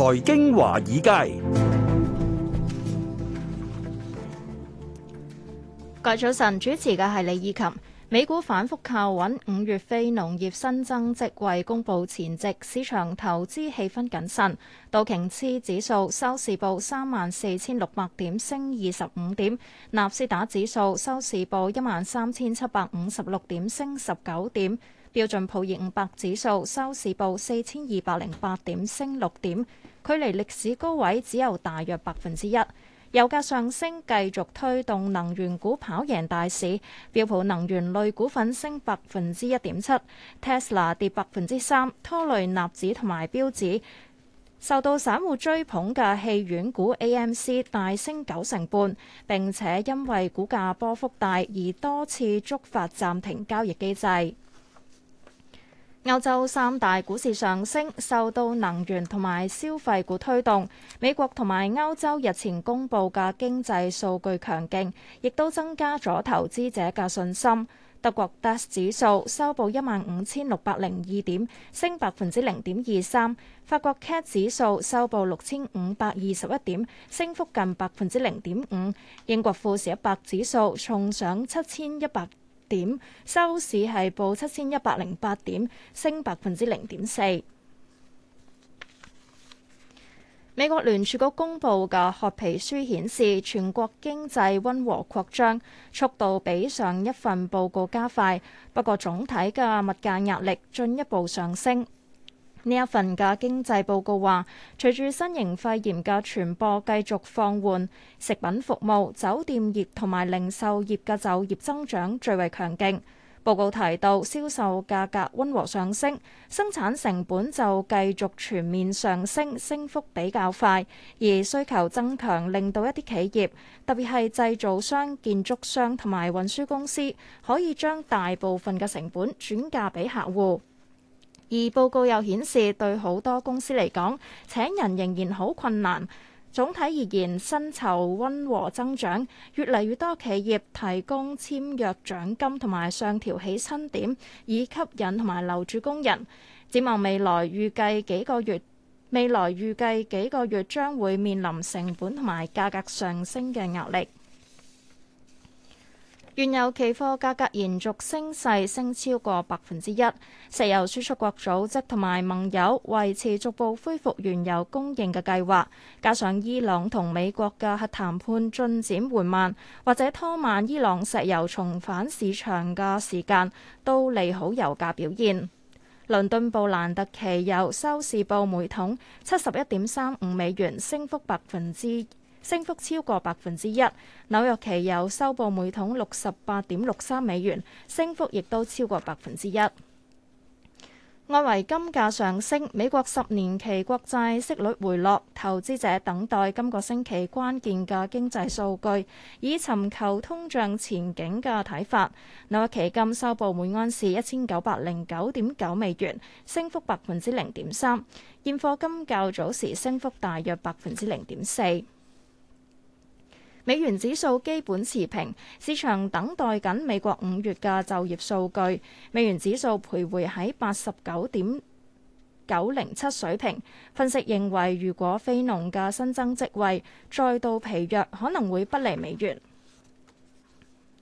財經華爾街，各位早晨，主持嘅係李以琴。美股反覆靠穩，五月非農業新增職位公布前夕，市場投資氣氛謹慎。道瓊斯指數收市報三萬四千六百點，升二十五點；納斯達指數收市報一萬三千七百五十六點，升十九點；標準普爾五百指數收市報四千二百零八點，升六點。距離歷史高位只有大約百分之一，油價上升繼續推動能源股跑贏大市，標普能源類股份升百分之一點七，Tesla 跌百分之三，拖累納指同埋標指。受到散戶追捧嘅戲院股 AMC 大升九成半，並且因為股價波幅大而多次觸發暫停交易機制。歐洲三大股市上升，受到能源同埋消費股推動。美國同埋歐洲日前公布嘅經濟數據強勁，亦都增加咗投資者嘅信心。德國 DAX 指數收報一萬五千六百零二點，升百分之零點二三。法國 CAC 指數收報六千五百二十一點，升幅近百分之零點五。英國富時一百指數重上七千一百。點，收市係報七千一百零八點，升百分之零點四。美國聯儲局公布嘅褐皮書顯示，全國經濟溫和擴張速度比上一份報告加快，不過總體嘅物價壓力進一步上升。呢一份嘅經濟報告話，隨住新型肺炎嘅傳播繼續放緩，食品服務、酒店業同埋零售業嘅就業增長最為強勁。報告提到，銷售價格溫和上升，生產成本就繼續全面上升，升幅比較快。而需求增強令到一啲企業，特別係製造商、建築商同埋運輸公司，可以將大部分嘅成本轉嫁俾客戶。而報告又顯示，對好多公司嚟講，請人仍然好困難。總體而言，薪酬溫和增長，越嚟越多企業提供簽約獎金同埋上調起薪點，以吸引同埋留住工人。展望未來，預計幾個月未來預計幾個月將會面臨成本同埋價格上升嘅壓力。原油期貨價格延續升勢，升超過百分之一。石油輸出國組織同埋盟友維持逐步恢復原油供應嘅計劃，加上伊朗同美國嘅核談判進展緩慢，或者拖慢伊朗石油重返市場嘅時間，都利好油價表現。倫敦布蘭特期油收市報每桶七十一點三五美元，升幅百分之。升幅超過百分之一。紐約期油收報每桶六十八點六三美元，升幅亦都超過百分之一。外圍金價上升，美國十年期國債息率回落，投資者等待今個星期關鍵嘅經濟數據，以尋求通脹前景嘅睇法。紐約期金收報每安士一千九百零九點九美元，升幅百分之零點三。現貨金較早時升幅大約百分之零點四。美元指數基本持平，市場等待緊美國五月嘅就業數據。美元指數徘徊喺八十九點九零七水平。分析認為，如果非農嘅新增職位再度疲弱，可能會不利美元。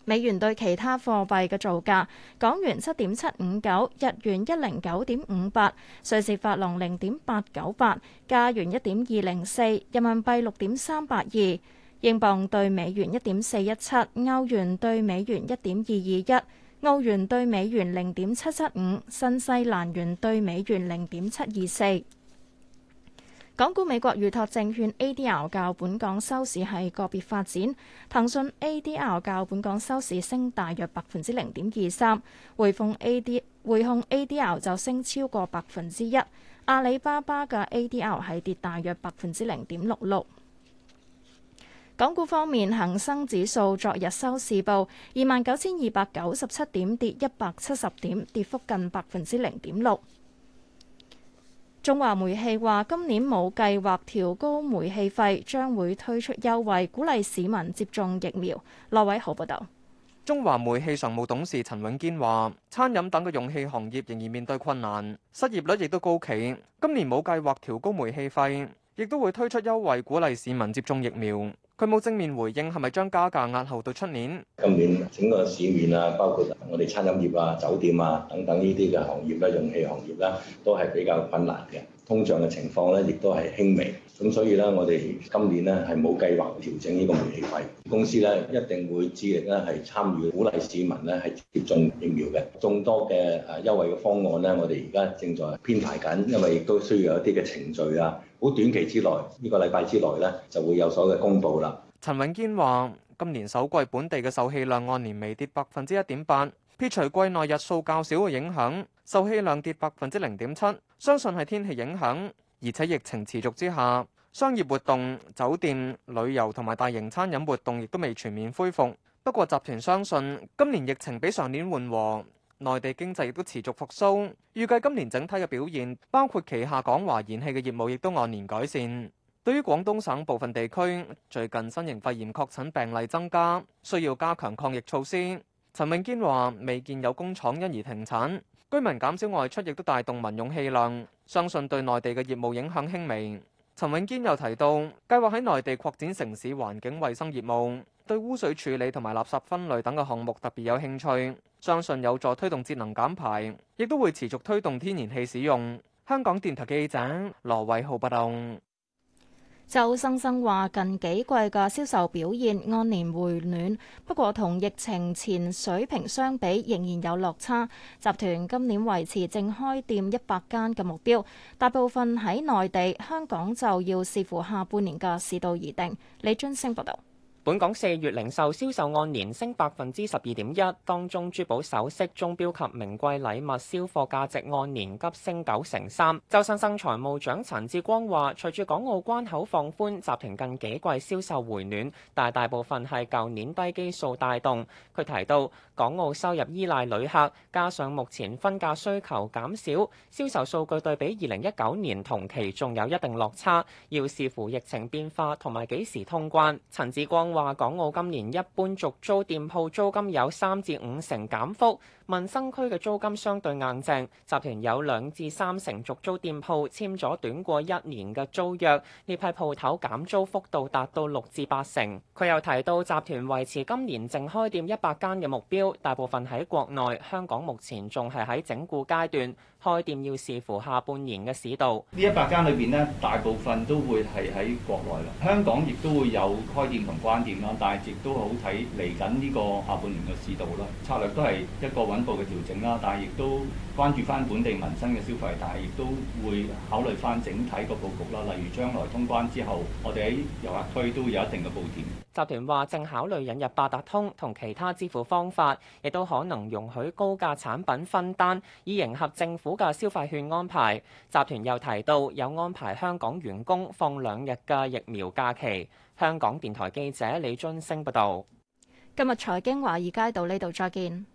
美元對其他貨幣嘅造價：港元七點七五九，日元一零九點五八，瑞士法郎零點八九八，加元一點二零四，人民幣六點三八二。英鎊對美元一點四一七，歐元對美元一點二二一，澳元對美元零點七七五，新西蘭元對美元零點七二四。港股美國預託證券 ADR 較本港收市係個別發展，騰訊 ADR 較本港收市升大約百分之零點二三，匯控 A D 匯控 ADR 就升超過百分之一，阿里巴巴嘅 ADR 係跌大約百分之零點六六。港股方面，恒生指數昨日收市報二萬九千二百九十七點，跌一百七十點，跌幅近百分之零點六。中華煤氣話，今年冇計劃調高煤氣費，將會推出優惠，鼓勵市民接種疫苗。羅偉豪報道。中華煤氣常務董事陳永堅話，餐飲等嘅用氣行業仍然面對困難，失業率亦都高企。今年冇計劃調高煤氣費，亦都會推出優惠，鼓勵市民接種疫苗。佢冇正面回應係咪將加價押後到出年。今年整個市面啊，包括我哋餐飲業啊、酒店啊等等呢啲嘅行業啦、用氣行業啦，都係比較困難嘅。通脹嘅情況咧，亦都係輕微，咁所以咧，我哋今年呢係冇計劃調整呢個煤氣費。公司咧一定會致力咧係參與鼓勵市民呢係接種疫苗嘅，眾多嘅誒優惠嘅方案呢，我哋而家正在編排緊，因為亦都需要有一啲嘅程序啊，好短期之內，呢個禮拜之內呢就會有所嘅公佈啦。陳永堅話：今年首季本地嘅售氣量按年微跌百分之一點八。撇除季內日數較少嘅影響，售氣量跌百分之零點七，相信係天氣影響，而且疫情持續之下，商業活動、酒店、旅遊同埋大型餐飲活動亦都未全面恢復。不過集團相信今年疫情比上年緩和，內地經濟亦都持續復甦，預計今年整體嘅表現，包括旗下港華燃氣嘅業務亦都按年改善。對於廣東省部分地區，最近新型肺炎確診病例增加，需要加強抗疫措施。陳永堅話：未見有工廠因而停產，居民減少外出亦都帶動民用氣量，相信對內地嘅業務影響輕微。陳永堅又提到，計劃喺內地擴展城市環境衛生業務，對污水處理同埋垃圾分類等嘅項目特別有興趣，相信有助推動節能減排，亦都會持續推動天然氣使用。香港電台記者羅偉浩報道。周生生話：近幾季嘅銷售表現按年回暖，不過同疫情前水平相比，仍然有落差。集團今年維持正開店一百間嘅目標，大部分喺內地，香港就要視乎下半年嘅市道而定。李津升報道。本港四月零售銷售銷售按年升百分之十二點一，當中珠寶首飾、鐘錶及名貴禮物銷貨價值按年急升九成三。周生生財務長陳志光話，隨住港澳關口放寬，集團近幾季銷售銷售回暖，但大部分係舊年低基數帶動。佢提到，港澳收入依賴旅客，加上目前分價需求減少，銷售數據對比二零一九年同期仲有一定落差，要視乎疫情變化同埋幾時通關。陳志光。話港澳今年一般續租店鋪租金有三至五成減幅，民生區嘅租金相對硬淨。集團有兩至三成續租店鋪簽咗短過一年嘅租約，呢批鋪頭減租幅度達到六至八成。佢又提到集團維持今年淨開店一百間嘅目標，大部分喺國內，香港目前仲係喺整固階段，開店要視乎下半年嘅市道。呢一百間裏邊呢，大部分都會係喺國內啦，香港亦都會有開店同關店。但係亦都好睇嚟緊呢個下半年嘅市道啦，策略都係一個穩步嘅調整啦。但係亦都關注翻本地民生嘅消費，但係亦都會考慮翻整體個佈局啦。例如將來通關之後，我哋喺遊客區都有一定嘅佈點。集團話正考慮引入八達通同其他支付方法，亦都可能容許高價產品分單，以迎合政府嘅消費券安排。集團又提到有安排香港員工放兩日嘅疫苗假期。香港電台記者李津升報導。今日財經華爾街到呢度再見。